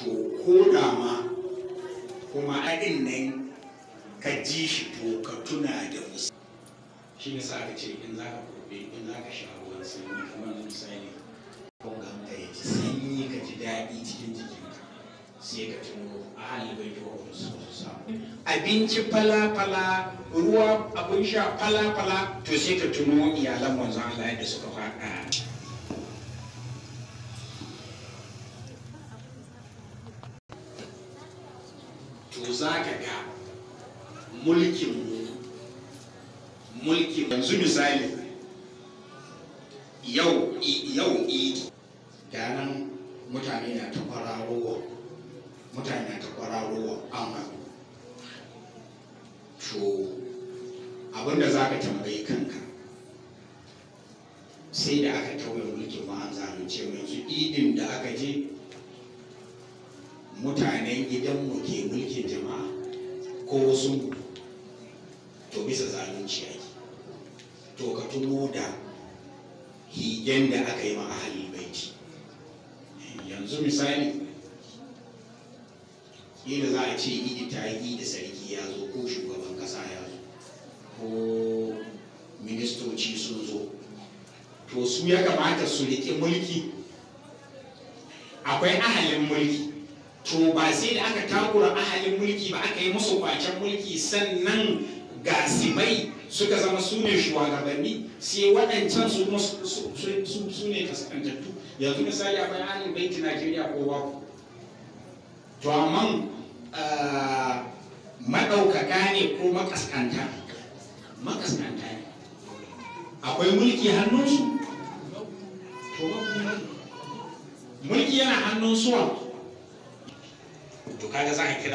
to ko da ma kuma haɗin nan ka ji shi to ka tuna da musu shi ne sa ka ce in za ka kurbe in za ka sha ruwan sanyi kamar da misali ga ka yi sanyi ka ji daɗi cikin jikinka sai ka tuno a halin bai ke wa wasu samu abinci fala-fala ruwa abin sha fala-fala to sai ka tuno iyalan wanzan Allah da suka faɗa to za ka ga mulkin mu mulkin yanzu misali yau yau idi nan mutane na ta kwararowa mutane na ta kwararowa amma to abinda za ka tambayi kanka sai da aka tauye mulkin ma an zalunce yanzu idin da aka je mutanen mu ke mulkin jama'a ko wasu to bisa zalunci ke to ka tuno da higen da aka yi ma'ahali ahalin baiti yanzu misali ina za a ce idi ta yi da sarki ya zo ko shugaban kasa ya zo ko ministoci sun zo to su ya kamata su riƙe mulki akwai ahalin mulki to ba sai da aka takura ahalin mulki ba aka yi musu kwacen mulki sannan gasibai suka zama su ne shugabanni sai waɗancan su kuma su ne kaskantattu yanzu misali akwai bai banki najeriya ko waku to amma ah, maɗaukaka ne ko makaskanta makaskanta ne akwai mulki hannunsu to mulki yana hannun suwa to kaga za a kira